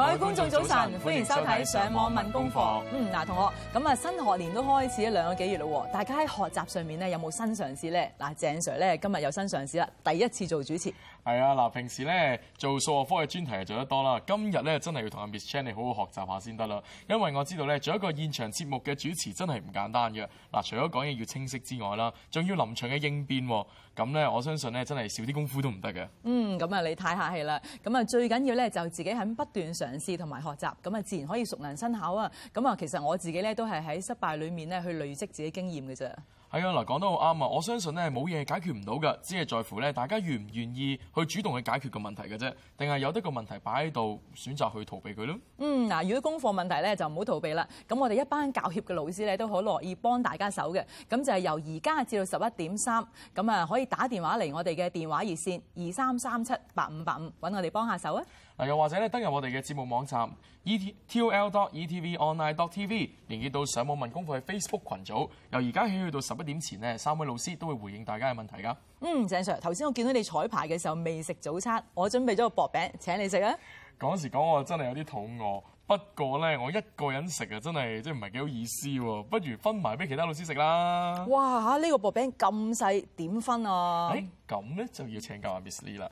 各位觀眾早晨，歡迎收睇上網問功課。嗯，嗱同學，咁啊新學年都開始咗兩個幾月嘞喎，大家喺學習上面咧有冇新嘗試咧？嗱，鄭 Sir 咧今日有新嘗試啦，第一次做主持。係啊，嗱，平時咧做數學科嘅專題係做得多啦，今日咧真係要同阿 Miss Chan 你好好學習下先得啦，因為我知道咧做一個現場節目嘅主持真係唔簡單嘅。嗱，除咗講嘢要清晰之外啦，仲要臨場嘅應變，咁咧我相信咧真係少啲功夫都唔得嘅。嗯，咁啊你太客氣啦，咁啊最緊要咧就是自己肯不斷嘗試同埋學習，咁啊自然可以熟能生巧啊。咁啊其實我自己咧都係喺失敗裡面咧去累積自己的經驗嘅啫。係啊，嗱講得好啱啊！我相信咧冇嘢解決唔到嘅，只係在乎咧大家願唔願意去主動去解決個問題嘅啫，定係有得個問題擺喺度選擇去逃避佢咯？嗯，嗱，如果功課問題咧就唔好逃避啦。咁我哋一班教協嘅老師咧都好樂意幫大家手嘅。咁就係由而家至到十一點三，咁啊可以打電話嚟我哋嘅電話熱線二三三七八五八五，揾我哋幫下手啊！嗱，又或者咧，登入我哋嘅節目網站 e t t o l dot e t v online dot t v，連結到上網問功課嘅 Facebook 群組，由而家起去到十一點前咧，三位老師都會回應大家嘅問題噶。嗯，鄭 Sir，頭先我見到你彩排嘅時候未食早餐，我準備咗個薄餅請你食啊。講時講我真係有啲肚餓，不過咧我一個人食啊真係即係唔係幾好意思喎，不如分埋俾其他老師食啦。哇嚇，呢個薄餅咁細點分啊？誒，嗯，咁咧就要請教阿 Miss Lee 啦。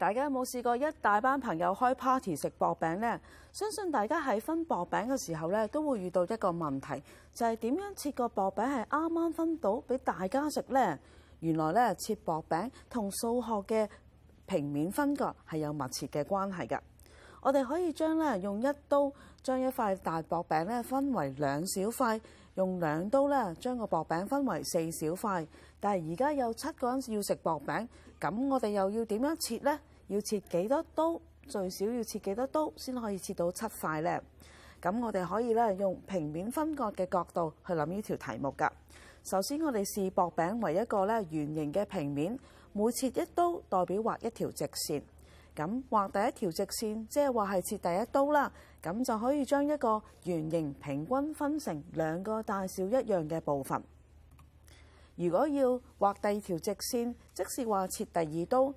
大家有冇試過一大班朋友開 party 食薄餅呢？相信大家喺分薄餅嘅時候咧，都會遇到一個問題，就係點樣切個薄餅係啱啱分到俾大家食呢？原來咧，切薄餅同數學嘅平面分割係有密切嘅關係噶。我哋可以將咧用一刀將一塊大薄餅咧分為兩小塊，用兩刀咧將個薄餅分為四小塊。但係而家有七個人要食薄餅，咁我哋又要點樣切呢？要切幾多刀？最少要切幾多刀先可以切到七塊呢？咁我哋可以咧用平面分割嘅角度去諗呢條題目㗎。首先我哋視薄餅為一個咧圓形嘅平面，每切一刀代表畫一條直線。咁畫第一條直線，即係話係切第一刀啦。咁就可以將一個圓形平均分成兩個大小一樣嘅部分。如果要畫第二條直線，即是話切第二刀。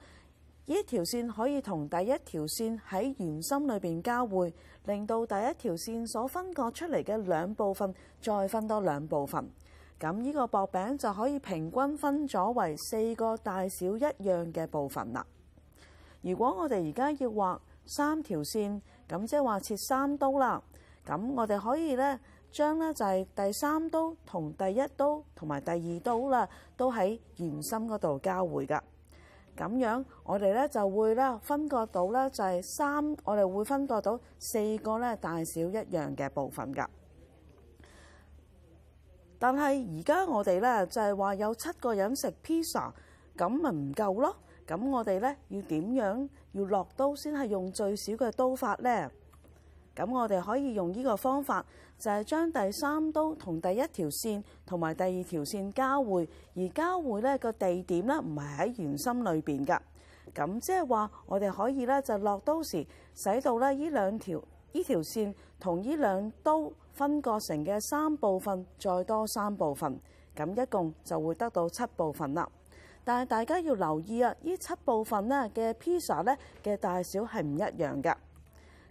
呢條線可以同第一條線喺圓心裏邊交匯，令到第一條線所分割出嚟嘅兩部分再分多兩部分，咁呢個薄餅就可以平均分咗為四個大小一樣嘅部分啦。如果我哋而家要畫三條線，咁即係話切三刀啦。咁我哋可以呢將呢就係第三刀同第一刀同埋第二刀啦，都喺圓心嗰度交匯噶。咁樣我哋咧就會咧分割到咧就係三，我哋會分割到四個咧大小一樣嘅部分㗎。但係而家我哋咧就係話有七個人食 pizza，咁咪唔夠咯。咁我哋咧要點樣，要落刀先係用最少嘅刀法咧？咁我哋可以用呢個方法。就係將第三刀同第一條線同埋第二條線交匯，而交匯呢個地點呢唔係喺圓心裏邊噶。咁即係話我哋可以咧就落刀時這條，使到咧呢兩條呢條線同呢兩刀分割成嘅三部分，再多三部分，咁一共就會得到七部分啦。但係大家要留意啊，呢七部分呢嘅披薩咧嘅大小係唔一樣嘅。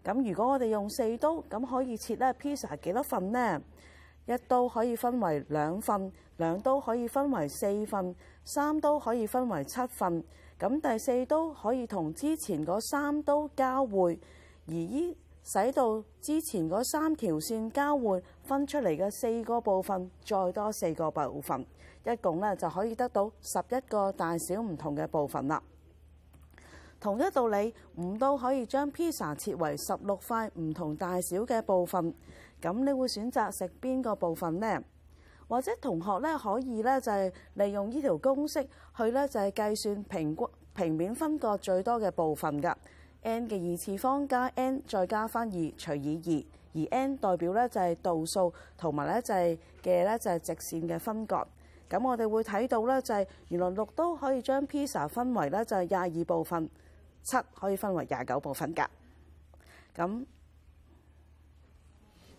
咁如果我哋用四刀，咁可以切咧披薩幾多份呢？一刀可以分為兩份，兩刀可以分為四份，三刀可以分為七份，咁第四刀可以同之前嗰三刀交匯，而依使到之前嗰三條線交匯，分出嚟嘅四個部分，再多四個部分，一共咧就可以得到十一個大小唔同嘅部分啦。同一道理，五刀可以將披薩切為十六塊唔同大小嘅部分。咁你會選擇食邊個部分呢？或者同學咧可以咧就係利用呢條公式去咧就係計算平均平面分割最多嘅部分㗎。n 嘅二次方加 n 再加翻二除以二，而 n 代表咧就係度數，同埋咧就係嘅咧就係直線嘅分割。咁我哋會睇到咧就係原來六刀可以將披薩分為咧就係廿二部分。七可以分為廿九部分㗎。咁，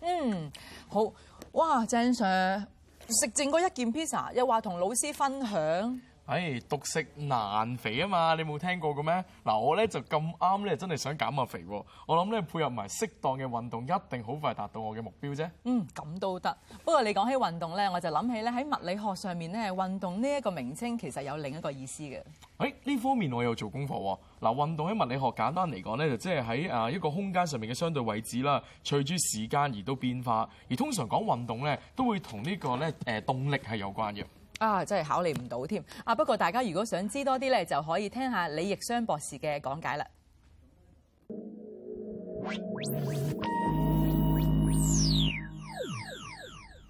嗯，好，哇，鄭 Sir 食剩嗰一件 pizza，又話同老師分享。唉，獨食難肥啊嘛！你冇聽過嘅咩？嗱，我咧就咁啱咧，真係想減下肥喎。我諗咧配合埋適當嘅運動，一定好快達到我嘅目標啫。嗯，咁都得。不過你講起運動咧，我就諗起咧喺物理學上面咧，運動呢一個名稱其實有另一個意思嘅。誒，呢方面我有做功課喎。嗱，運動喺物理學簡單嚟講咧，就即係喺誒一個空間上面嘅相對位置啦，隨住時間而都變化。而通常講運動咧，都會同呢個咧誒動力係有關嘅。啊！真係考慮唔到添啊！不過大家如果想知多啲咧，就可以聽下李逸雙博士嘅講解啦。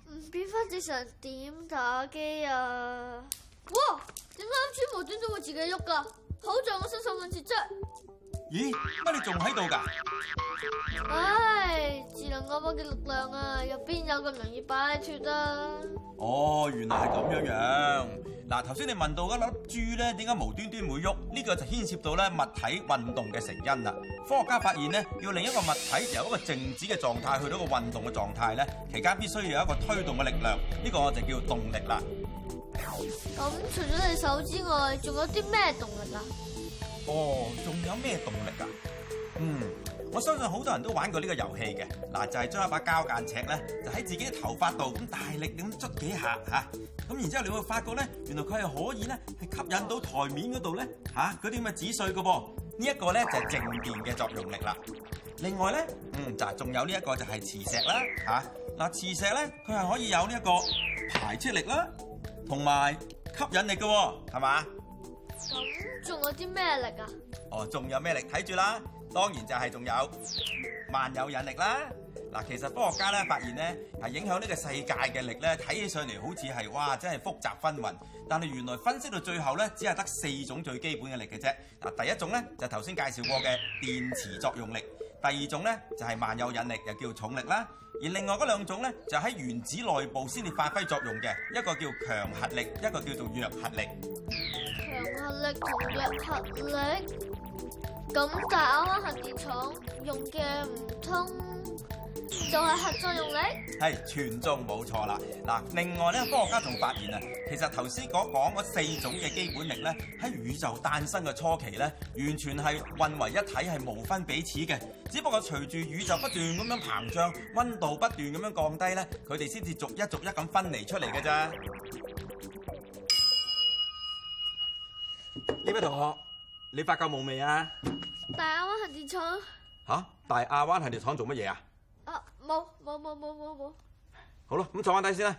唔變翻正常點打機啊？哇！點解啱先無端端都會自己喐㗎？好在我身手敏捷啫～咦，乜你仲喺度㗎？唉，智能果包嘅力量那啊，入邊有咁容易擺脫啊？哦，原來係咁樣樣。嗱，頭先你問到嗰粒珠咧，點解無端端會喐？呢、這個就牽涉到咧物體運動嘅成因啦。科學家發現咧，要令一個物體由一個靜止嘅狀態去到一個運動嘅狀態咧，期間必須要有一個推動嘅力量，呢、這個就叫動力啦。咁、嗯、除咗你手之外，仲有啲咩動力啊？哦，仲有咩動力啊？嗯，我相信好多人都玩過呢個遊戲嘅，嗱就係將一把膠間尺咧，就喺自己嘅頭髮度咁大力咁捽幾下吓，咁然之後你會發覺咧，原來佢係可以咧係吸引到台面嗰度咧吓嗰啲咁嘅紙碎噶噃呢一個咧就係靜電嘅作用力啦。另外咧，嗯就係仲有呢一個就係磁石啦吓，嗱磁石咧佢係可以有呢一個排斥力啦，同埋吸引力噶，係嘛？咁仲有啲咩力啊？哦，仲有咩力？睇住啦，當然就係仲有萬有引力啦。嗱，其實科學家咧發現咧，嗱影響呢個世界嘅力咧，睇起上嚟好似係哇，真係複雜紛紜。但係原來分析到最後咧，只係得四種最基本嘅力嘅啫。嗱，第一種咧就頭先介紹過嘅電磁作用力。第二種咧就係萬有引力，又叫重力啦。而另外嗰兩種咧就喺原子內部先至發揮作用嘅，一個叫強核力，一個叫做弱核力。強核力同弱核力，咁但係啱啱核電廠用嘅唔通？仲係核作用力？係，全中冇錯啦嗱。另外咧，科學家仲發現啊，其實頭先嗰講嗰四種嘅基本力咧，喺宇宙誕生嘅初期咧，完全係混為一體，係無分彼此嘅。只不過隨住宇宙不斷咁樣膨脹，溫度不斷咁樣降低咧，佢哋先至逐一逐一咁分離出嚟嘅。咋，呢位同學，你發夠夢未啊？大亞灣核電廠吓？大亞灣核電廠做乜嘢啊？啊！冇冇冇冇冇冇，好啦，咁坐翻低先啦。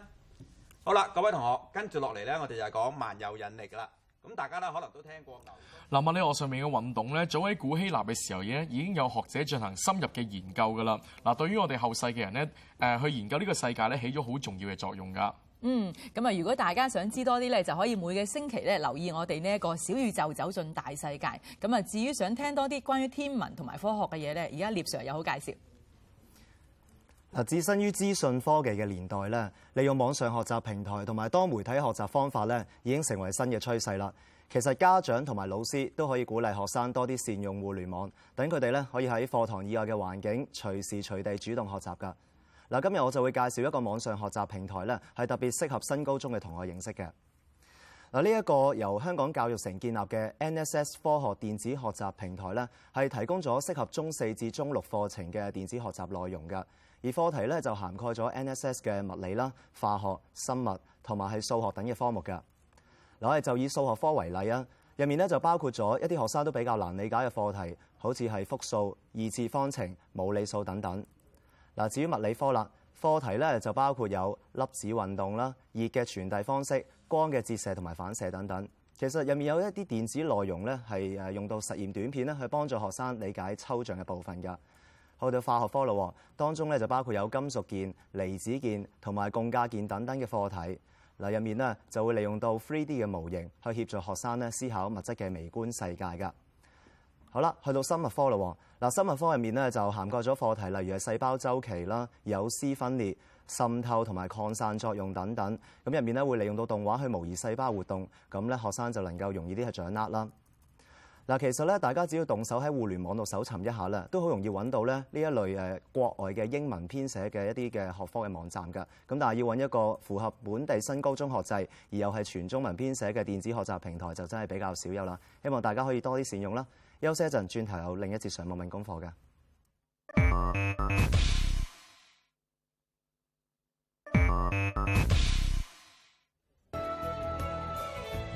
好啦，各位同學，跟住落嚟咧，我哋就係講萬有引力噶啦。咁大家咧可能都聽過嗱，物理學上面嘅運動咧，早喺古希臘嘅時候咧，已經有學者進行深入嘅研究噶啦。嗱、啊，對於我哋後世嘅人咧，誒、呃、去研究呢個世界咧，起咗好重要嘅作用噶。嗯，咁啊，如果大家想知多啲咧，就可以每個星期咧留意我哋呢一個小宇宙走進大世界。咁啊，至於想聽多啲關於天文同埋科學嘅嘢咧，而家聶 Sir 又好介紹。置身於資訊科技嘅年代咧，利用網上學習平台同埋多媒體學習方法咧，已經成為新嘅趨勢啦。其實家長同埋老師都可以鼓勵學生多啲善用互聯網，等佢哋咧可以喺課堂以外嘅環境隨時隨地主動學習㗎。嗱，今日我就會介紹一個網上學習平台咧，係特別適合新高中嘅同學認識嘅。嗱，呢一個由香港教育城建立嘅 NSS 科學電子學習平台咧，係提供咗適合中四至中六課程嘅電子學習內容嘅。而課題咧就涵蓋咗 NSS 嘅物理啦、化學、生物同埋係數學等嘅科目㗎。嗱，我哋就以數學科為例啊，入面咧就包括咗一啲學生都比較難理解嘅課題，好似係複數、二次方程、無理數等等。嗱，至於物理科啦，課題咧就包括有粒子運動啦、熱嘅傳遞方式、光嘅折射同埋反射等等。其實入面有一啲電子內容咧係誒用到實驗短片咧去幫助學生理解抽象嘅部分㗎。去到化學科啦，當中咧就包括有金屬鍵、離子鍵同埋共價鍵等等嘅課題。嗱，入面咧就會利用到 3D 嘅模型去協助學生咧思考物質嘅微觀世界㗎。好啦，去到生物科啦。嗱，生物科入面咧就涵蓋咗課題，例如係細胞周期啦、有絲分裂、滲透同埋擴散作用等等。咁入面咧會利用到動畫去模擬細胞活動，咁咧學生就能夠容易啲去掌握啦。嗱，其實咧，大家只要動手喺互聯網度搜尋一下啦，都好容易揾到咧呢一類誒國外嘅英文編寫嘅一啲嘅學科嘅網站㗎。咁但係要揾一個符合本地新高中學制而又係全中文編寫嘅電子學習平台，就真係比較少有啦。希望大家可以多啲善用啦。休息一陣，轉頭有另一節上網問功課㗎。啊啊啊啊啊啊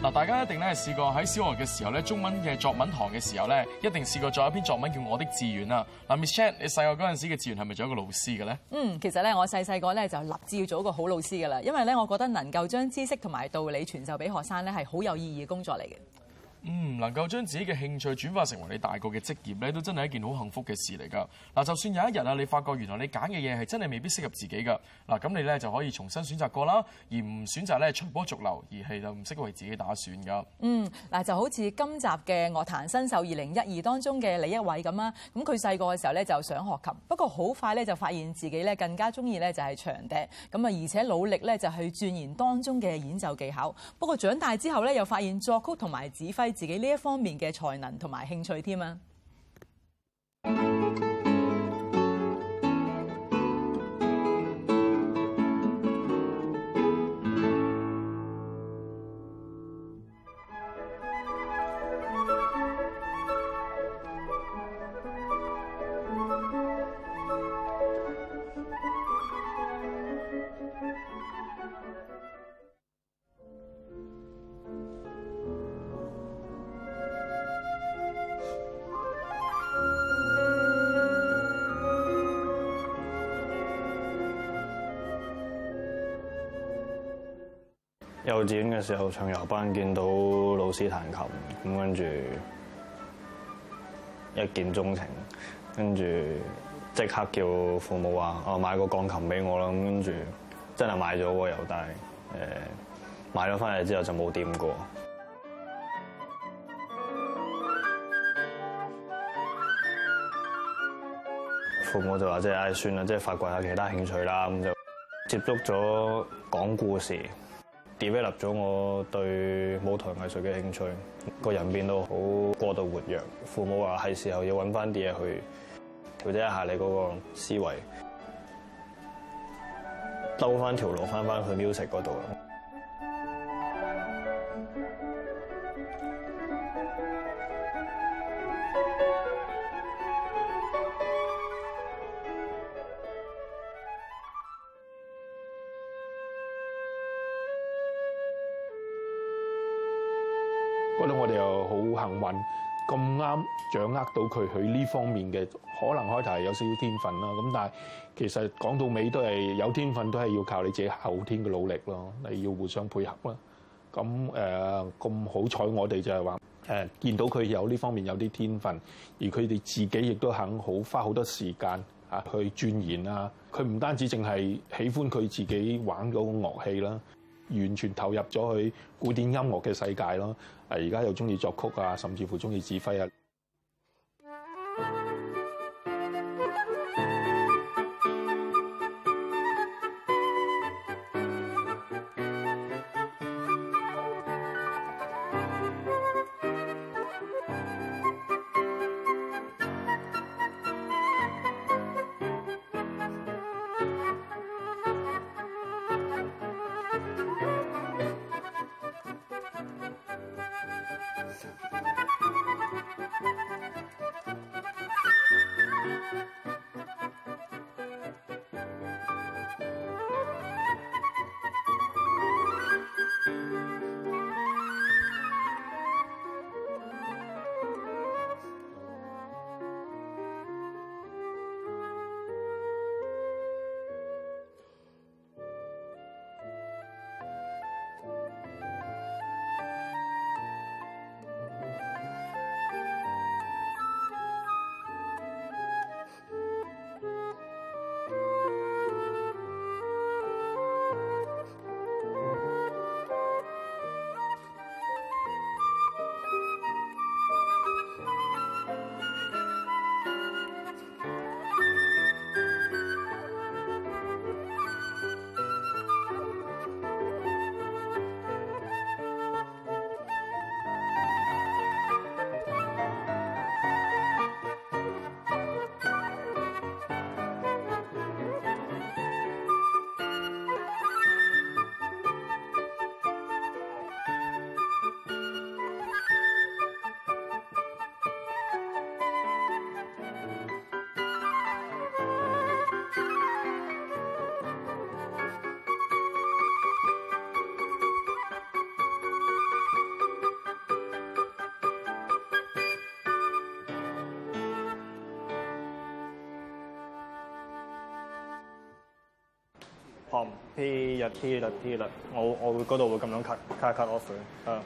嗱，大家一定咧試過喺小學嘅時候咧，中文嘅作文堂嘅時候咧，一定試過做一篇作文叫《我的志願》啦。嗱，Miss Chan，你細個嗰陣時嘅志願係咪做一個老師嘅咧？嗯，其實咧，我細細個咧就立志要做一個好老師噶啦，因為咧，我覺得能夠將知識同埋道理傳授俾學生咧，係好有意義嘅工作嚟嘅。嗯，能夠將自己嘅興趣轉化成為你大個嘅職業咧，都真係一件好幸福嘅事嚟噶嗱，就算有一日啊，你發覺原來你揀嘅嘢係真係未必適合自己噶嗱，咁你咧就可以重新選擇過啦，而唔選擇咧隨波逐流，而係就唔識為自己打算噶。嗯，嗱，就好似今集嘅樂壇新秀二零一二當中嘅李一葦咁啊，咁佢細個嘅時候咧就想學琴，不過好快咧就發現自己咧更加中意咧就係長笛，咁啊，而且努力咧就去鑽研當中嘅演奏技巧。不過長大之後咧又發現作曲同埋指揮。自己呢一方面嘅才能同埋興趣添啊！有時候唱遊班見到老師彈琴，咁跟住一見鐘情，跟住即刻叫父母話：哦，買個鋼琴俾我啦！咁跟住真係買咗喎，又但係誒買咗翻嚟之後就冇掂過。父母就話：即係算啦，即係發掘下其他興趣啦。咁就接觸咗講故事。develop 咗我對舞台藝術嘅興趣，個人變到好過度活躍。父母話係時候要搵翻啲嘢去調整一下你嗰個思維，兜翻條路翻翻去 music 嗰度。掌握到佢佢呢方面嘅可能，開頭係有少少天分啦，咁但係其實講到尾都係有天分，都係要靠你自己後天嘅努力咯，你要互相配合啦。咁誒，咁好彩我哋就係話誒，見到佢有呢方面有啲天分，而佢哋自己亦都肯好花好多時間啊去鑽研啊，佢唔單止淨係喜歡佢自己玩嗰個樂器啦，完全投入咗去古典音樂嘅世界咯。誒，而家又中意作曲啊，甚至乎中意指揮啊。P 日 P 啦 P 啦，我我會嗰度會咁樣 cut cut cut off 嘅、嗯，啊。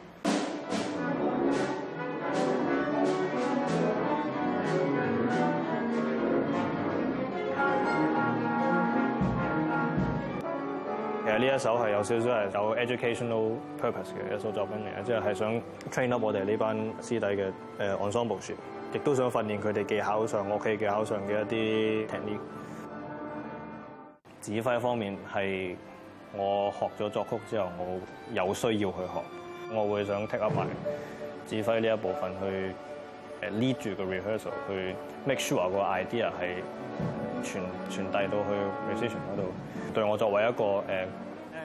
其實呢一首係有少少係有 educational purpose 嘅一首作品嚟嘅，即係想 train up 我哋呢班師弟嘅誒 ensemble 亦都想訓練佢哋技巧上、樂器技巧上嘅一啲 technique。指揮方面係我學咗作曲之後，我有需要去學，我會想 take up 埋指揮呢一部分去 lead 住個 rehearsal，去 make sure 個 idea 係傳傳遞到去 recitation 嗰度。對我作為一個誒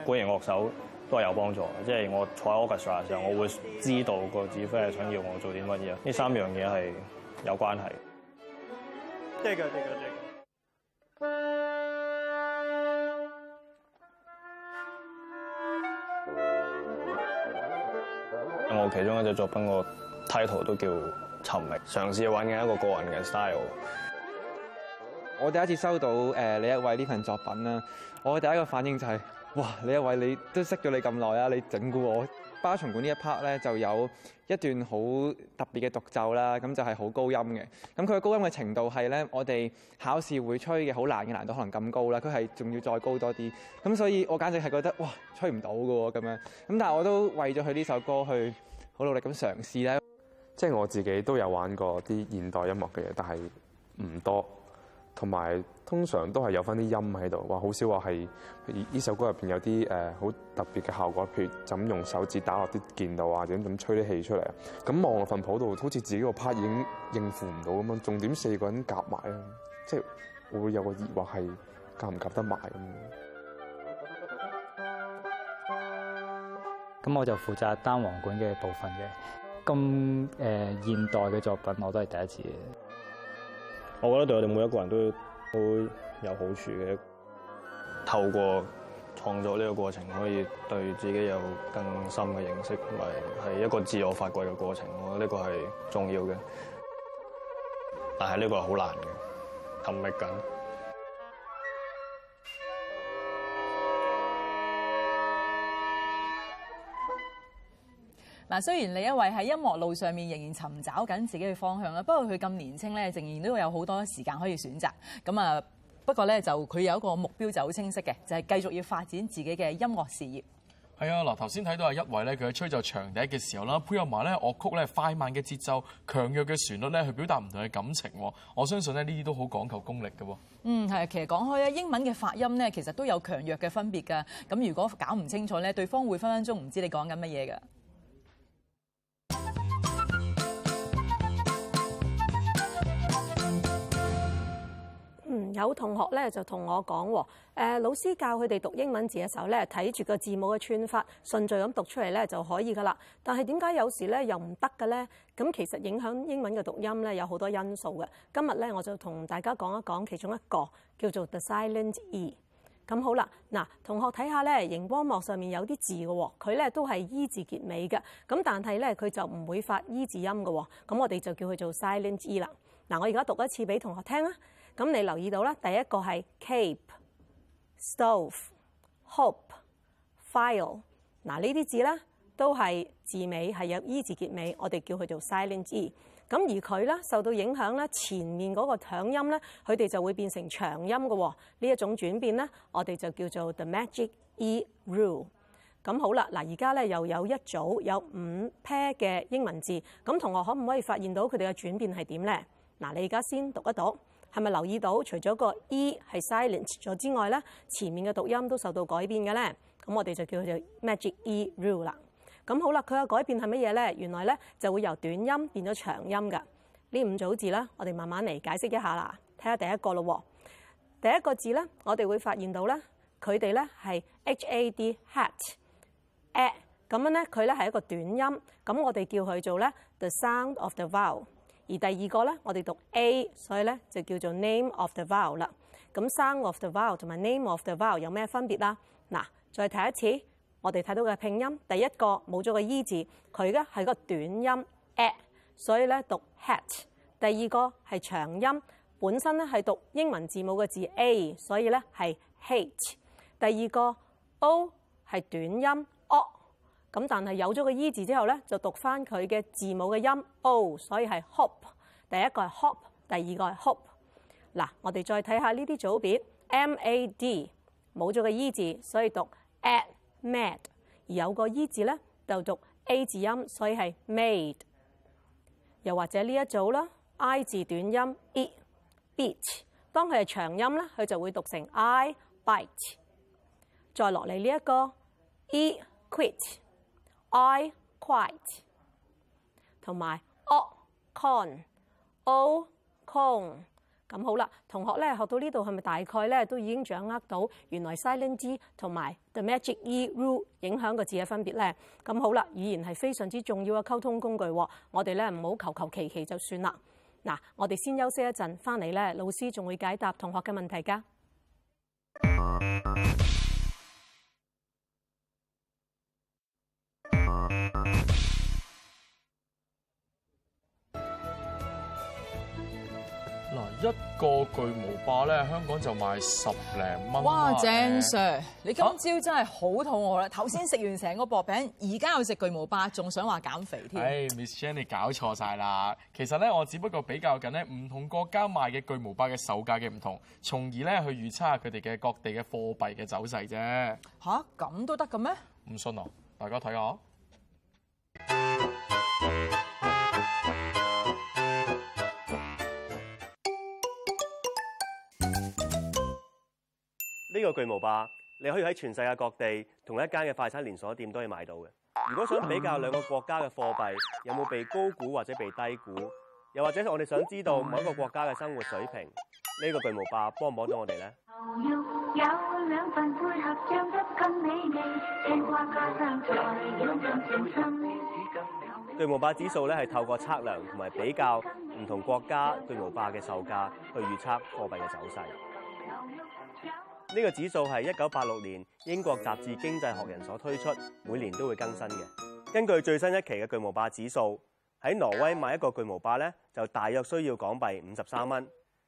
管絃樂手都係有幫助，即係我坐喺 orchestra 嘅時候，我會知道個指揮係想要我做啲乜嘢。呢三樣嘢係有關係。得嘅，我其中一隻作品個 title 都叫沉覓，嘗試揾嘅一個個人嘅 style。我第一次收到誒李、呃、一葦呢份作品咧，我第一個反應就係、是：哇！李一葦，都你都識咗你咁耐啊！你整蠱我。巴松管這一呢一 part 咧，就有一段好特別嘅獨奏啦，咁就係好高音嘅。咁佢高音嘅程度係咧，我哋考試會吹嘅好難嘅難度可能咁高啦，佢係仲要再高多啲。咁所以我簡直係覺得哇，吹唔到㗎喎咁樣。咁但係我都為咗佢呢首歌去好努力咁嘗試啦。即係我自己都有玩過啲現代音樂嘅嘢，但係唔多，同埋通常都係有翻啲音喺度。話好少話係呢首歌入面有啲呃、好特別嘅效果，譬如就用手指打落啲鍵度，或者咁吹啲氣出嚟。咁望落份譜度，好似自己個拍已經應付唔到咁樣。重點四個人夾埋啊，即係會有個疑惑係夾唔夾得埋咁樣。咁我就負責單簧管嘅部分嘅，咁誒、呃、現代嘅作品我都係第一次嘅。我覺得對我哋每一個人都都有好處嘅。透過創作呢個過程，可以對自己有更深嘅認識，同埋係一個自我發掘嘅過程。我覺得呢個係重要嘅，但係呢個係好難嘅，尋覓緊。嗱，雖然李一葦喺音樂路上面仍然尋找緊自己嘅方向啦，不過佢咁年青咧，仍然都有好多時間可以選擇咁啊。不過咧，就佢有一個目標就好清晰嘅，就係、是、繼續要發展自己嘅音樂事業。係啊，嗱，頭先睇到啊，一葦咧佢喺吹奏長笛嘅時候啦，配合埋咧樂曲咧快慢嘅節奏、強弱嘅旋律咧去表達唔同嘅感情。我相信咧呢啲都好講求功力嘅。嗯，係啊，其實講開咧，英文嘅發音咧其實都有強弱嘅分別㗎。咁如果搞唔清楚咧，對方會分分鐘唔知你講緊乜嘢㗎。有同學咧就同我講，誒、呃、老師教佢哋讀英文字嘅時候咧，睇住個字母嘅串法順序咁讀出嚟咧就可以噶啦。但係點解有時咧又唔得嘅咧？咁其實影響英文嘅讀音咧有好多因素嘅。今日咧我就同大家講一講其中一個叫做 The Silent E。咁好啦，嗱，同學睇下咧，熒光幕上面有啲字嘅喎，佢咧都係 e 字結尾嘅，咁但係咧佢就唔會發 e 字音嘅喎。咁我哋就叫佢做 Silent E 啦。嗱，我而家讀一次俾同學聽啦。咁你留意到啦，第一個係 cape, stove, hope, file、stove、啊、hope、file 嗱，呢啲字咧都係字尾係有 E 字結尾，我哋叫佢做 silent E。咁、啊、而佢咧受到影響咧，前面嗰個響音咧，佢哋就會變成長音嘅、哦、呢一種轉變咧，我哋就叫做 the magic E rule。咁、啊、好啦，嗱而家咧又有一組有五 pair 嘅英文字，咁同學可唔可以發現到佢哋嘅轉變係點咧？嗱、啊，你而家先讀一讀。係咪留意到，除咗個 e 係 silent 咗之外咧，前面嘅讀音都受到改變嘅咧？咁我哋就叫做 magic e rule 啦。咁好啦，佢嘅改變係乜嘢咧？原來咧就會由短音變咗長音㗎。呢五組字咧，我哋慢慢嚟解釋一下啦。睇下第一個咯，第一個字咧，我哋會發現到咧，佢哋咧係 had、hat、at 咁樣咧，佢咧係一個短音。咁我哋叫佢做咧 the sound of the vowel。而第二個咧，我哋讀 a，所以咧就叫做 name of the vowel 啦。咁 sound of the vowel 同埋 name of the vowel 有咩分別啦？嗱，再睇一次，我哋睇到嘅拼音，第一個冇咗個 e 字，佢咧係個短音 at，所以咧讀 hat。第二個係長音，本身咧係讀英文字母嘅字 a，所以咧係 hate。第二個 o 係短音。咁但係有咗個 E 字之後咧，就讀翻佢嘅字母嘅音 O，所以係 hope。第一個係 hop，第二個係 hope。嗱，我哋再睇下呢啲組別，mad 冇咗個 E 字，所以讀 at mad；而有個 E 字咧，就讀 A 字音，所以係 made。又或者呢一組啦，I 字短音、e, it，bit 當佢係長音咧，佢就會讀成 I bite。再落嚟呢一個，e quit。I quite 同埋 O con O con 咁好啦，同學咧學到呢度係咪大概咧都已經掌握到原來 silent G 同埋 the magic E rule 影響嘅字嘅分別咧？咁好啦，語言係非常之重要嘅溝通工具，啊，我哋咧唔好求求其其就算啦。嗱，我哋先休息一陣，翻嚟咧老師仲會解答同學嘅問題㗎。 一個巨無霸咧，香港就賣十零蚊。哇，正 Sir，你今朝真係好肚餓啦！頭先食完成個薄餅，而家又食巨無霸，仲想話減肥添。唉，Miss Jenny 搞錯晒啦！其實咧，我只不過比較緊咧唔同國家賣嘅巨無霸嘅售價嘅唔同，從而咧去預測下佢哋嘅各地嘅貨幣嘅走勢啫。吓、啊，咁都得嘅咩？唔信啊！大家睇下。呢個巨無霸，你可以喺全世界各地同一間嘅快餐連鎖店都可以買到嘅。如果想比較兩個國家嘅貨幣有冇被高估或者被低估，又或者我哋想知道某一個國家嘅生活水平，呢、呢個巨無霸幫唔幫到我哋呢？微微隱隱，巨無霸指數咧係透過測量同埋比較唔同國家巨無霸嘅售價，去預測貨幣嘅走勢。呢個指數係一九八六年英國雜誌《經濟學人》所推出，每年都會更新嘅。根據最新一期嘅巨無霸指數，喺挪威買一個巨無霸呢，就大約需要港幣五十三蚊；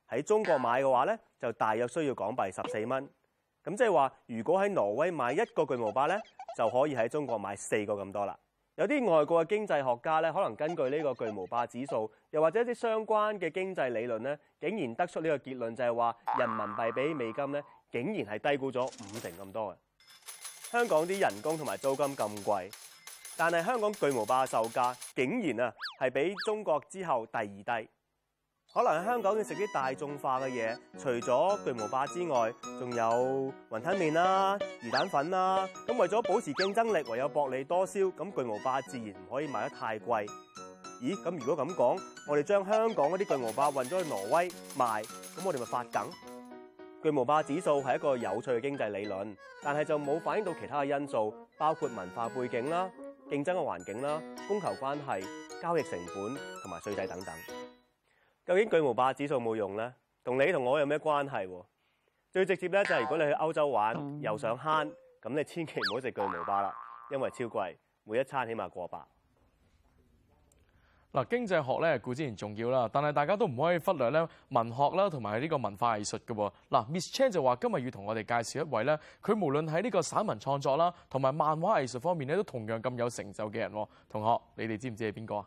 喺中國買嘅話呢，就大約需要港幣十四蚊。咁即係話，如果喺挪威買一個巨無霸呢，就可以喺中國買四個咁多啦。有啲外國嘅經濟學家呢，可能根據呢個巨無霸指數，又或者一啲相關嘅經濟理論呢，竟然得出呢個結論，就係話人民幣比美金呢。竟然係低估咗五成咁多嘅，香港啲人工同埋租金咁貴，但係香港巨無霸售價竟然啊係比中國之後第二低。可能喺香港要食啲大眾化嘅嘢，除咗巨無霸之外，仲有雲吞麵啦、啊、魚蛋粉啦、啊。咁為咗保持競爭力，唯有薄利多銷。咁巨無霸自然唔可以賣得太貴。咦？咁如果咁講，我哋將香港嗰啲巨無霸運咗去挪威賣，咁我哋咪發梗？巨無霸指數係一個有趣嘅經濟理論，但係就冇反映到其他嘅因素，包括文化背景啦、競爭嘅環境啦、供求關係、交易成本同埋稅制等等。究竟巨無霸指數冇用呢？同你同我有咩關係？最直接呢就係如果你去歐洲玩又想慳，咁你千祈唔好食巨無霸啦，因為超貴，每一餐起碼過百。嗱，經濟學咧固然重要啦，但係大家都唔可以忽略呢文學啦，同埋呢個文化藝術㗎喎。Miss Chan 就話今日要同我哋介紹一位咧，佢無論喺呢個散文創作啦，同埋漫畫藝術方面咧，都同樣咁有成就嘅人。同學，你哋知唔知係邊個？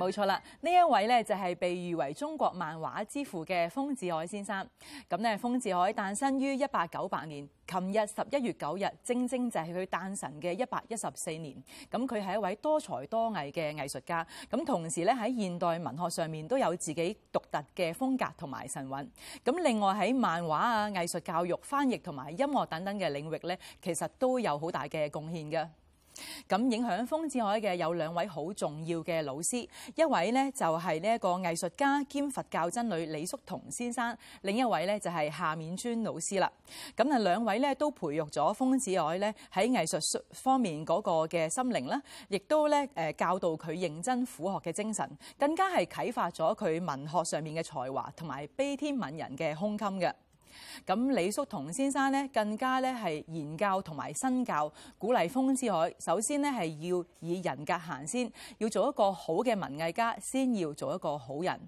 冇錯啦，呢一位呢就係被譽為中國漫畫之父嘅豐子愷先生。咁呢，豐子愷誕生於一八九八年，琴日十一月九日，正正就係佢誕辰嘅一百一十四年。咁佢係一位多才多藝嘅藝術家，咁同時咧喺現代文學上面都有自己獨特嘅風格同埋神韻。咁另外喺漫畫啊、藝術教育、翻譯同埋音樂等等嘅領域咧，其實都有好大嘅貢獻嘅。咁影響豐子愷嘅有兩位好重要嘅老師，一位呢就係呢一個藝術家兼佛教僧侶李叔同先生，另一位呢就係夏丏尊老師啦。咁啊，兩位呢都培育咗豐子愷呢喺藝術方面嗰個嘅心靈啦，亦都呢誒教導佢認真苦學嘅精神，更加係啟發咗佢文學上面嘅才華同埋悲天憫人嘅胸襟嘅。咁李叔同先生咧，更加咧係嚴教同埋身教，鼓勵豐子愷。首先咧係要以人格行先，要做一個好嘅文藝家，先要做一個好人。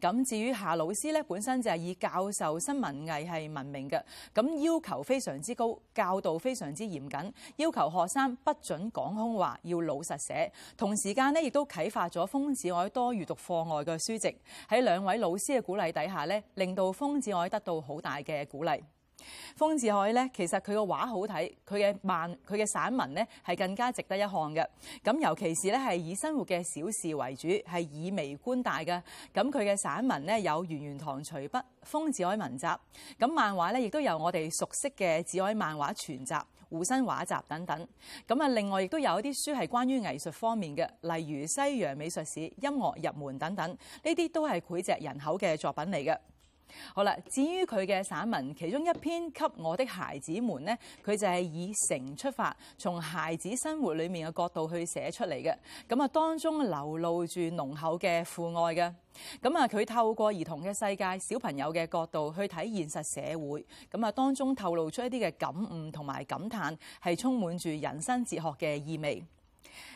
咁至於夏老師咧，本身就係以教授新文藝係聞名嘅，咁要求非常之高，教導非常之嚴謹，要求學生不准講空話，要老實寫。同時間呢，亦都啟發咗豐子愷多閱讀課外嘅書籍。喺兩位老師嘅鼓勵底下呢，令到豐子愷得到好大嘅鼓勵。豐子愷咧，其實佢個畫好睇，佢嘅漫佢嘅散文咧係更加值得一看嘅。咁尤其是咧係以生活嘅小事為主，係以微觀大嘅。咁佢嘅散文咧有《緣緣堂隨筆》，豐子愷文集。咁漫畫咧亦都有我哋熟悉嘅《子愷漫畫全集》、《護生畫集》等等。咁啊，另外亦都有一啲書係關於藝術方面嘅，例如《西洋美術史》、《音樂入門》等等。呢啲都係膾炙人口嘅作品嚟嘅。好啦，至於佢嘅散文，其中一篇《給我的孩子們》呢，佢就係以城出發，從孩子生活裏面嘅角度去寫出嚟嘅。咁啊，當中流露住濃厚嘅父愛嘅。咁啊，佢透過兒童嘅世界、小朋友嘅角度去睇現實社會，咁啊，當中透露出一啲嘅感悟同埋感嘆，係充滿住人生哲學嘅意味。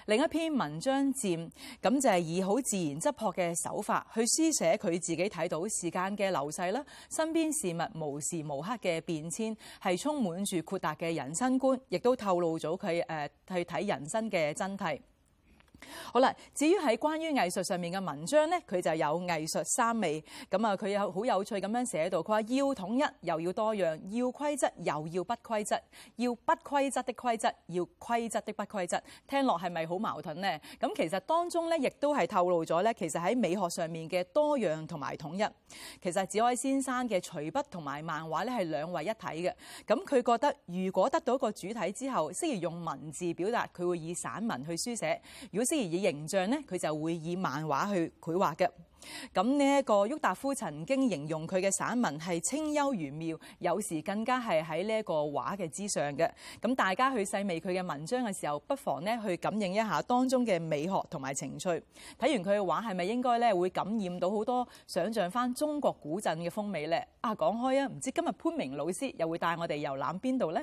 另一篇文章佔，佔咁就係以好自然質樸嘅手法去書寫佢自己睇到時間嘅流逝啦，身邊事物無時無刻嘅變遷，係充滿住豁達嘅人生觀，亦都透露咗佢誒去睇人生嘅真諦。好啦，至於喺關於藝術上面嘅文章呢，佢就有藝術三味。咁啊，佢有好有趣咁樣寫到，佢話要統一又要多樣，要規則又要不規則，要不規則的規則，要規則的不規則。聽落係咪好矛盾呢？咁其實當中呢，亦都係透露咗呢，其實喺美學上面嘅多樣同埋統一。其實子愷先生嘅隨筆同埋漫畫呢，係兩位一體嘅。咁佢覺得如果得到一個主題之後，適宜用文字表達，佢會以散文去書寫。如果而以形象呢，佢就會以漫畫去繪畫嘅。咁呢一個郁達夫曾經形容佢嘅散文係清幽玄妙，有時更加係喺呢一個畫嘅之上嘅。咁大家去細味佢嘅文章嘅時候，不妨呢去感應一下當中嘅美學同埋情趣。睇完佢嘅畫，係咪應該呢會感染到好多想象翻中國古鎮嘅風味呢？啊，講開啊，唔知今日潘明老師又會帶我哋遊覽邊度呢？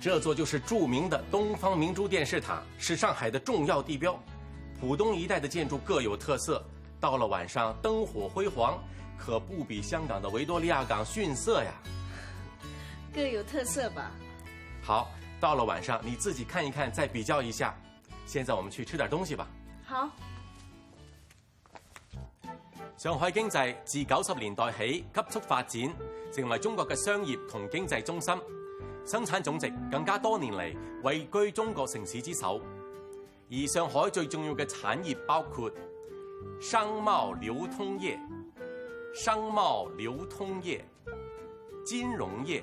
這座就是著名的東方明珠電視塔，是上海的重要地標。浦東一帶的建築各有特色，到了晚上燈火輝煌，可不比香港的維多利亞港遜色呀。各有特色吧。好，到了晚上你自己看一看，再比較一下。現在我們去吃點東西吧。好。上海經濟自九十年代起急速發展，成為中國嘅商業同經濟中心。生產總值更加多年嚟位居中國城市之首，而上海最重要嘅產業包括商貿流通業，商貿流通業，金融業，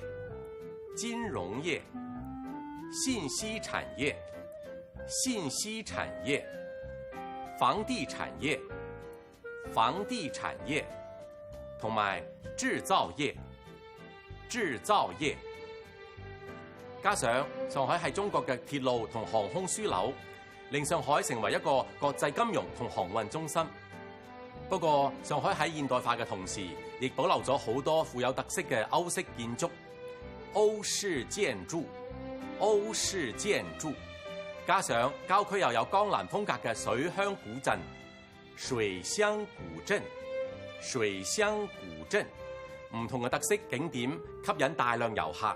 金融業，信息產業，信息產業，房地產業，房地產業，同埋製造業，製造業。加上上海係中國嘅鐵路同航空樞紐，令上海成為一個國際金融同航運中心。不過上海喺現代化嘅同時，亦保留咗好多富有特色嘅歐式建築，歐式建築歐式建築，加上郊區又有江南風格嘅水鄉古鎮水鄉古鎮水鄉古鎮，唔同嘅特色景點，吸引大量遊客。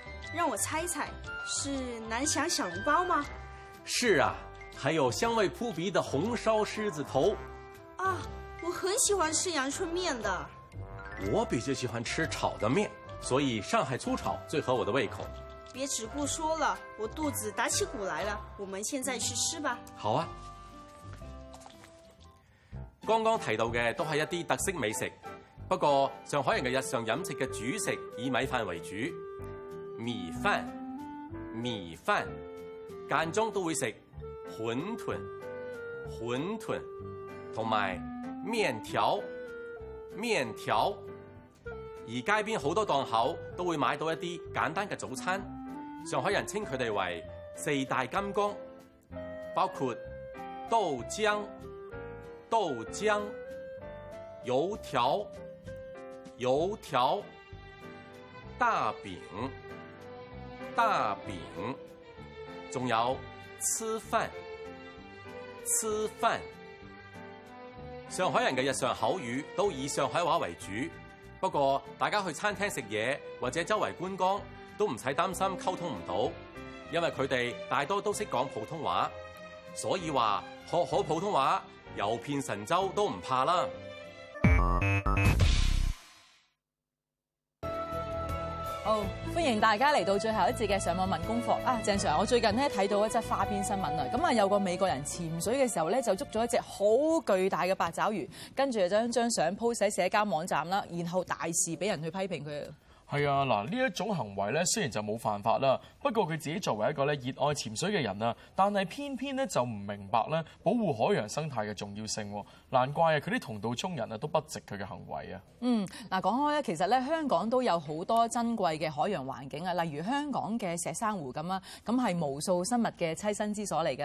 讓我猜猜，是南翔小籠包嗎？是啊，還有香味撲鼻的紅燒獅子頭。啊，我很喜歡吃陽春麵的。我比較喜歡吃炒的面，所以上海粗炒最合我的胃口。別只顧說了，我肚子打起鼓來了。我們現在去吃吧。好啊。剛剛提到嘅都係一啲特色美食，不過上海人嘅日常飲食嘅主食以米飯為主。米飯、米飯，間中都會食餛飩、餛飩同埋麵條、麵條。而街邊好多檔口都會買到一啲簡單嘅早餐，上海人稱佢哋為四大金剛，包括豆漿、豆漿、油條、油條、大餅。大餅，仲有吃飯，吃飯。上海人嘅日常口語都以上海話為主，不過大家去餐廳食嘢或者周圍觀光都唔使擔心溝通唔到，因為佢哋大多都識講普通話，所以話學好普通話遊遍神州都唔怕啦。 Hello, 歡迎大家嚟到最後一節嘅上網問功課啊，鄭 sir 我最近咧睇到一則花邊新聞啊，咁啊有個美國人潛水嘅時候咧就捉咗一隻好巨大嘅八爪魚，跟住就將張相 po 喺社交網站啦，然後大肆俾人去批評佢。係啊，嗱呢一種行為咧，雖然就冇犯法啦，不過佢自己作為一個咧熱愛潛水嘅人啊，但係偏偏咧就唔明白咧保護海洋生態嘅重要性喎，難怪啊佢啲同道中人啊都不值佢嘅行為啊。嗯，嗱講開咧，其實咧香港都有好多珍貴嘅海洋環境啊，例如香港嘅石珊瑚咁啊，咁係無數生物嘅棲身之所嚟噶。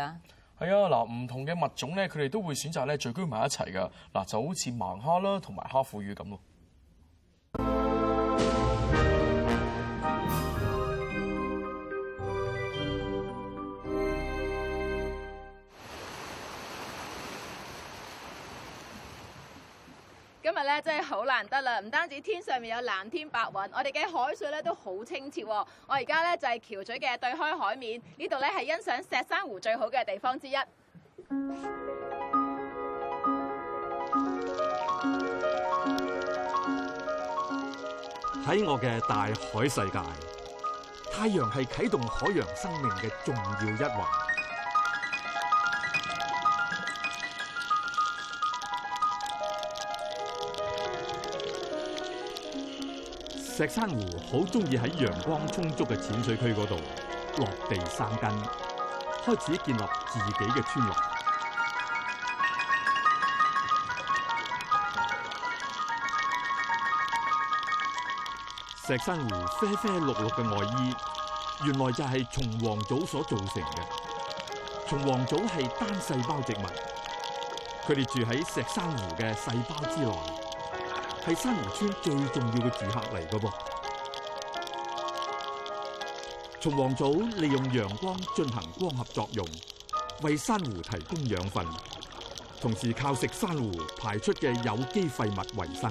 係啊，嗱唔同嘅物種咧，佢哋都會選擇咧聚居埋一齊噶，嗱就好似盲蝦啦，同埋蝦虎魚咁咯。啊，真係好難得啦！唔單止天上面有藍天白雲，我哋嘅海水咧都好清澈。我而家咧就係橋咀嘅對開海面，呢度咧係欣賞石珊瑚最好嘅地方之一。喺我嘅大海世界，太陽係啟動海洋生命嘅重要一環。石珊瑚好中意喺陽光充足嘅淺水區嗰度落地生根，開始建立自己嘅村落。石珊瑚啡啡綠綠嘅外衣，原來就係蟲黃藻所造成嘅。蟲黃藻係單細胞植物，佢哋住喺石珊瑚嘅細胞之內。係珊瑚村最重要嘅住客嚟噶噃。蟲黃藻利用陽光進行光合作用，為珊瑚提供養分，同時靠食珊瑚排出嘅有機廢物為生。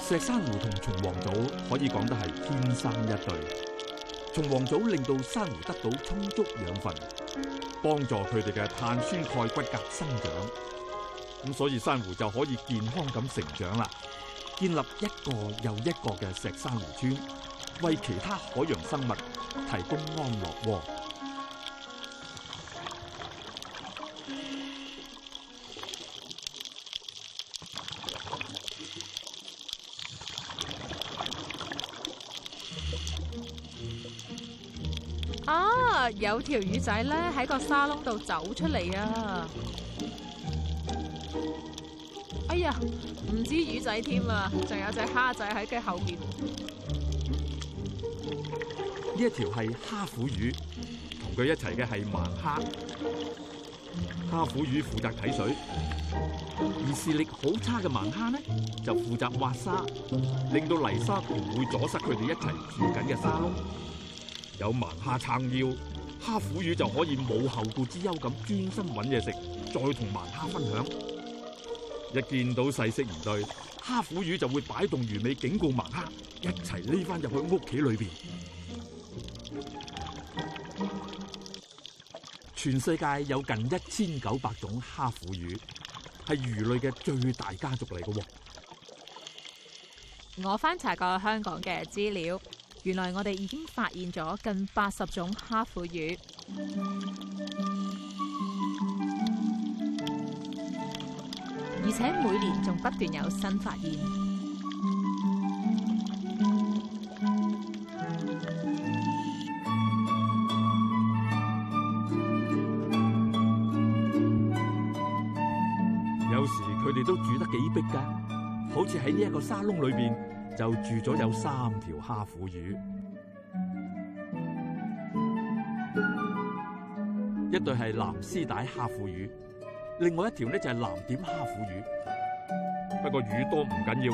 石珊瑚同蟲黃藻可以講得係天生一對。蟲黃藻令到珊瑚得到充足養分，幫助佢哋嘅碳酸鈣骨骼生長。咁所以珊瑚就可以健康咁成長啦，建立一個又一個嘅石珊瑚村，為其他海洋生物提供安樂窩。啊。啊，有條魚仔咧喺個沙窿度走出嚟啊！唔、哎、止魚仔添啦，仲有隻蝦仔喺佢後邊。呢一條係蝦虎魚，同佢一齊嘅係盲蝦。蝦虎魚負責睇水，而視力好差嘅盲蝦呢，就負責挖沙，令到泥沙唔會阻塞佢哋一齊住緊嘅沙窿。有盲蝦撐腰，蝦虎魚就可以冇後顧之憂咁專心揾嘢食，再同盲蝦分享。一見到勢色唔對，蝦虎魚就會擺動魚尾警告盲蝦，一齊匿翻入去屋企裏邊。全世界有近一千九百種蝦虎魚，係魚類嘅最大家族嚟㗎喎。我翻查過香港嘅資料，原來我哋已經發現咗近八十種蝦虎魚。而且每年仲不斷有新發現，有時佢哋都住得幾逼噶，好似喺呢一個沙窿裏邊就住咗有三條蝦虎魚，一對係藍絲帶蝦虎魚。另外一條咧就係藍點蝦虎魚，不過魚多唔緊要，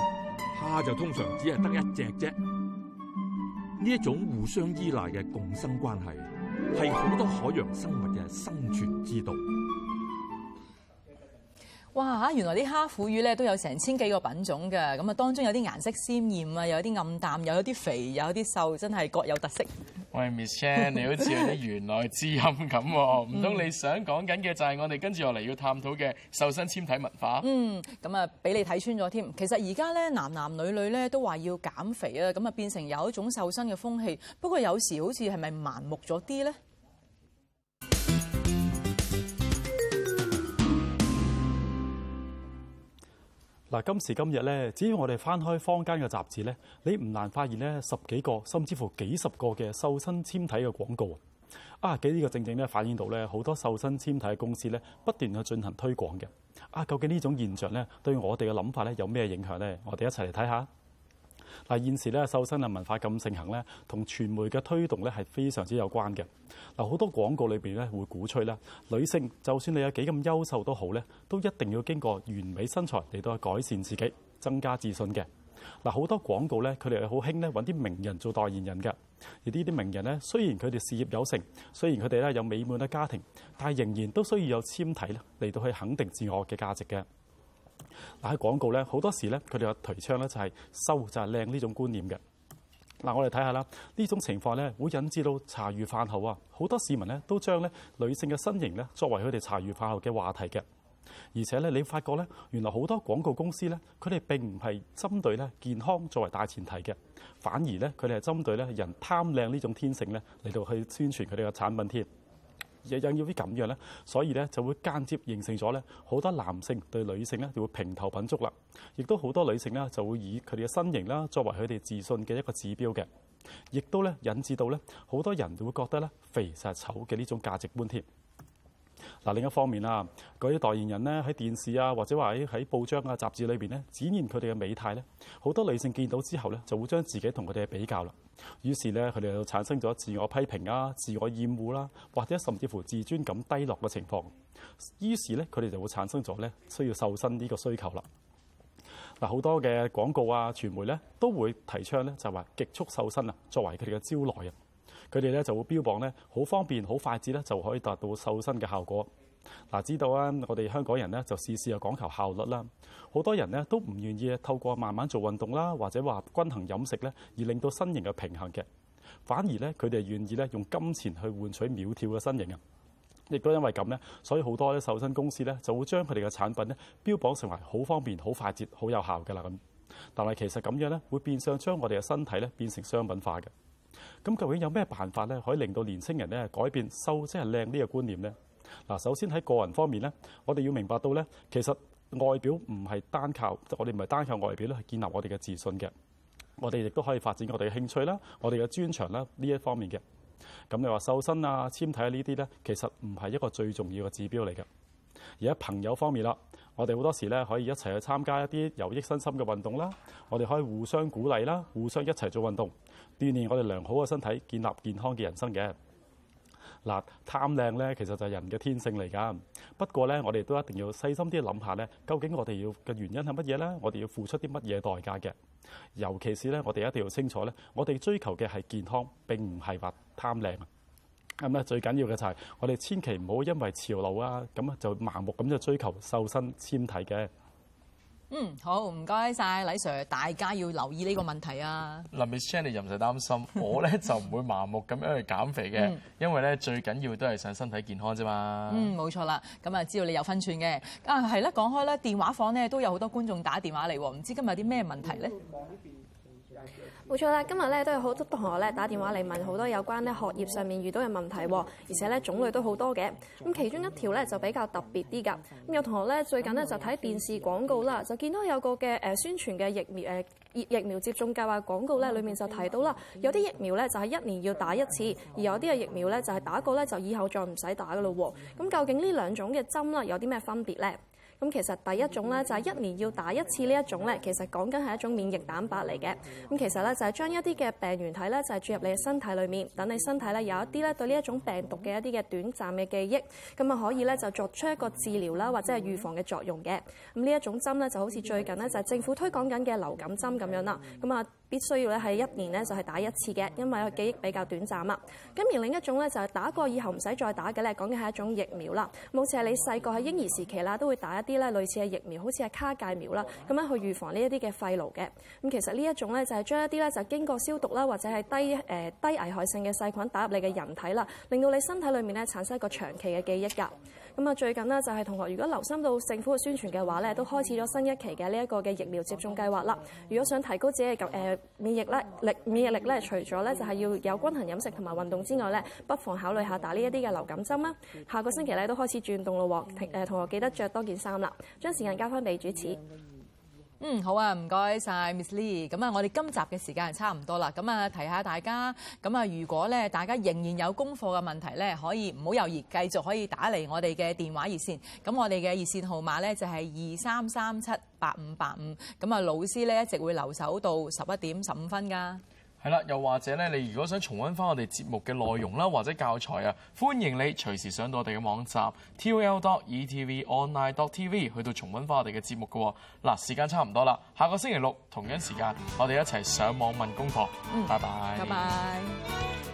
蝦就通常只係得一隻啫。呢一種互相依賴嘅共生關係，係好多海洋生物嘅生存之道。哇，原來啲蝦虎魚咧都有成千幾個品種噶，咁啊當中有啲顏色鮮艷啊，有啲暗淡，又有啲肥，有啲瘦，真係各有特色。喂，Miss Chan， 你好似有啲原來知音咁喎，唔通你想講緊嘅就係我哋跟住落嚟要探討嘅瘦身纖體文化？嗯，咁啊，俾你睇穿咗添。其實而家咧，男男女女咧都話要減肥啊，咁啊變成有一種瘦身嘅風氣。不過有時好似係咪盲目咗啲咧？嗱，今時今日咧，只要我哋翻開坊間嘅雜誌咧，你唔難發現咧十幾個，甚至乎幾十個嘅瘦身纖體嘅廣告啊！啊，呢個正正咧反映到咧好多瘦身纖體嘅公司咧不斷去進行推廣嘅啊！究竟呢種現象咧對我哋嘅諗法咧有咩影響咧？我哋一齊嚟睇下。嗱，現時咧瘦身嘅文化咁盛行咧，同傳媒嘅推動咧係非常之有關嘅。嗱，好多廣告裏邊咧會鼓吹咧，女性就算你有幾咁優秀都好咧，都一定要經過完美身材嚟到去改善自己、增加自信嘅。嗱，好多廣告咧，佢哋係好興咧揾啲名人做代言人嘅。而呢啲名人咧，雖然佢哋事業有成，雖然佢哋咧有美滿嘅家庭，但係仍然都需要有纖體咧嚟到去肯定自我嘅價值嘅。嗱喺廣告咧，好多時咧，佢哋嘅提倡咧就係瘦就係靚呢種觀念嘅。嗱，我哋睇下啦，呢種情況咧會引致到茶餘飯後啊，好多市民咧都將咧女性嘅身形咧作為佢哋茶餘飯後嘅話題嘅。而且咧，你發覺咧，原來好多廣告公司咧，佢哋並唔係針對咧健康作為大前提嘅，反而咧佢哋係針對咧人貪靚呢種天性咧嚟到去宣傳佢哋嘅產品添。有有要啲咁樣咧，所以咧就會間接形成咗咧好多男性對女性咧就會評頭品足啦，亦都好多女性咧就會以佢哋嘅身形啦作為佢哋自信嘅一個指標嘅，亦都咧引致到咧好多人會覺得咧肥就係醜嘅呢種價值觀添。嗱，另一方面啦，嗰啲代言人咧喺電視啊，或者話喺喺報章啊、雜誌裏邊咧展現佢哋嘅美態咧，好多女性見到之後咧，就會將自己同佢哋比較啦。於是咧，佢哋就產生咗自我批評啊、自我厭惡啦，或者甚至乎自尊感低落嘅情況。於是咧，佢哋就會產生咗咧需要瘦身呢個需求啦。嗱，好多嘅廣告啊、傳媒咧都會提倡咧，就係話極速瘦身啊，作為佢哋嘅招來啊。佢哋咧就會標榜咧好方便、好快捷咧就可以達到瘦身嘅效果。嗱，知道啊，我哋香港人咧就事事又講求效率啦。好多人咧都唔願意透過慢慢做運動啦，或者話均衡飲食咧，而令到身形嘅平衡嘅，反而咧佢哋願意咧用金錢去換取苗條嘅身形啊。亦都因為咁咧，所以好多啲瘦身公司咧就會將佢哋嘅產品咧標榜成為好方便、好快捷、好有效嘅啦。咁，但係其實咁樣咧會變相將我哋嘅身體咧變成商品化嘅。咁究竟有咩辦法咧，可以令到年青人咧改變瘦即係靚呢個觀念呢？嗱，首先喺個人方面咧，我哋要明白到咧，其實外表唔係單靠我哋唔係單靠外表咧，去建立我哋嘅自信嘅。我哋亦都可以發展我哋嘅興趣啦，我哋嘅專長啦呢一方面嘅。咁你話瘦身啊、纖體啊呢啲咧，其實唔係一個最重要嘅指標嚟嘅。而喺朋友方面啦，我哋好多時咧可以一齊去參加一啲有益身心嘅運動啦。我哋可以互相鼓勵啦，互相一齊做運動。鍛煉我哋良好嘅身體，建立健康嘅人生嘅。嗱、啊，貪靚咧，其實就係人嘅天性嚟噶。不過咧，我哋都一定要細心啲諗下咧，究竟我哋要嘅原因係乜嘢咧？我哋要付出啲乜嘢代價嘅？尤其是咧，我哋一定要清楚咧，我哋追求嘅係健康，並唔係話貪靚。咁、啊、咧，最緊要嘅就係我哋千祈唔好因為潮流啊，咁啊就盲目咁就追求瘦身纖體嘅。嗯，好，唔該曬，李 Sir，大家要留意呢個問題啊。嗱，Miss Jenny 又唔使擔心， 我咧就唔會盲目咁樣去減肥嘅，嗯、因為咧最緊要都係想身體健康啫嘛。嗯，冇錯啦，咁啊知道你有分寸嘅。啊，係啦，講開咧，電話房咧都有好多觀眾打電話嚟喎，唔知今日有啲咩問題咧？冇錯啦，今日咧都有好多同學咧打電話嚟問好多有關咧學業上面遇到嘅問題，而且咧種類都好多嘅。咁其中一條咧就比較特別啲㗎。咁有同學咧最近咧就睇電視廣告啦，就見到有個嘅誒宣傳嘅疫苗誒疫疫苗接種計劃廣告咧，裏面就提到啦，有啲疫苗咧就係一年要打一次，而有啲嘅疫苗咧就係打過咧就以後再唔使打㗎咯喎。咁究竟呢兩種嘅針啦有啲咩分別咧？咁其實第一種咧就係一年要打一次呢一種咧，其實講緊係一種免疫蛋白嚟嘅。咁其實咧就係將一啲嘅病原體咧就係注入你嘅身體裡面，等你身體咧有一啲咧對呢一種病毒嘅一啲嘅短暫嘅記憶，咁啊可以咧就作出一個治療啦或者係預防嘅作用嘅。咁呢一種針咧就好似最近呢，就係政府推廣緊嘅流感針咁樣啦。咁啊必須要咧係一年咧就係打一次嘅，因為個記憶比較短暫啊。咁而另一種咧就係打過以後唔使再打嘅咧，講嘅係一種疫苗啦。好似係你細個喺嬰兒時期啦都會打一啲。啲咧類似係疫苗，好似係卡介苗啦，咁樣去預防呢一啲嘅肺瘤癆嘅。咁其實呢一種咧，就係將一啲咧就經過消毒啦，或者係低誒、呃、低危害性嘅細菌打入你嘅人體啦，令到你身體裏面咧產生一個長期嘅記憶㗎。咁啊，最近咧就係同學，如果留心到政府嘅宣傳嘅話咧，都開始咗新一期嘅呢一個嘅疫苗接種計劃啦。如果想提高自己嘅誒免疫力咧，免疫力咧，除咗咧就係要有均衡飲食同埋運動之外咧，不妨考慮下打呢一啲嘅流感針啦。下個星期咧都開始轉動嘞喎，誒同學記得着多件衫啦。將時間交翻俾主持。嗯，好啊，唔該晒，Miss Lee。咁啊，我哋今集嘅時間係差唔多啦。咁啊，提下大家，咁啊，如果咧大家仍然有功課嘅問題咧，可以唔好猶豫，繼續可以打嚟我哋嘅電話熱線。咁我哋嘅熱線號碼咧就係二三三七八五八五。咁啊，老師咧一直會留守到十一點十五分㗎。係啦，又或者咧，你如果想重溫翻我哋節目嘅內容啦，或者教材啊，歡迎你隨時上到我哋嘅網站 tl.etvonline.tv 去到重溫翻我哋嘅節目嘅。嗱，時間差唔多啦，下個星期六同樣時間，我哋一齊上網問功課。嗯，拜拜。拜拜。拜拜。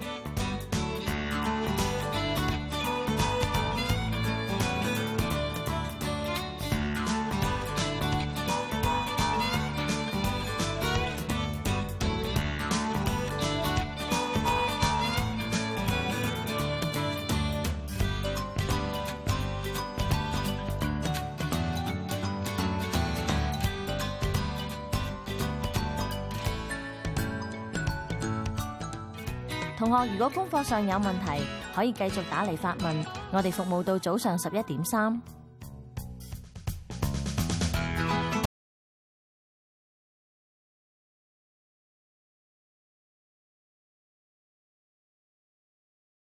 同學，如果功課上有問題，可以繼續打嚟發問。我哋服務到早上十一點三。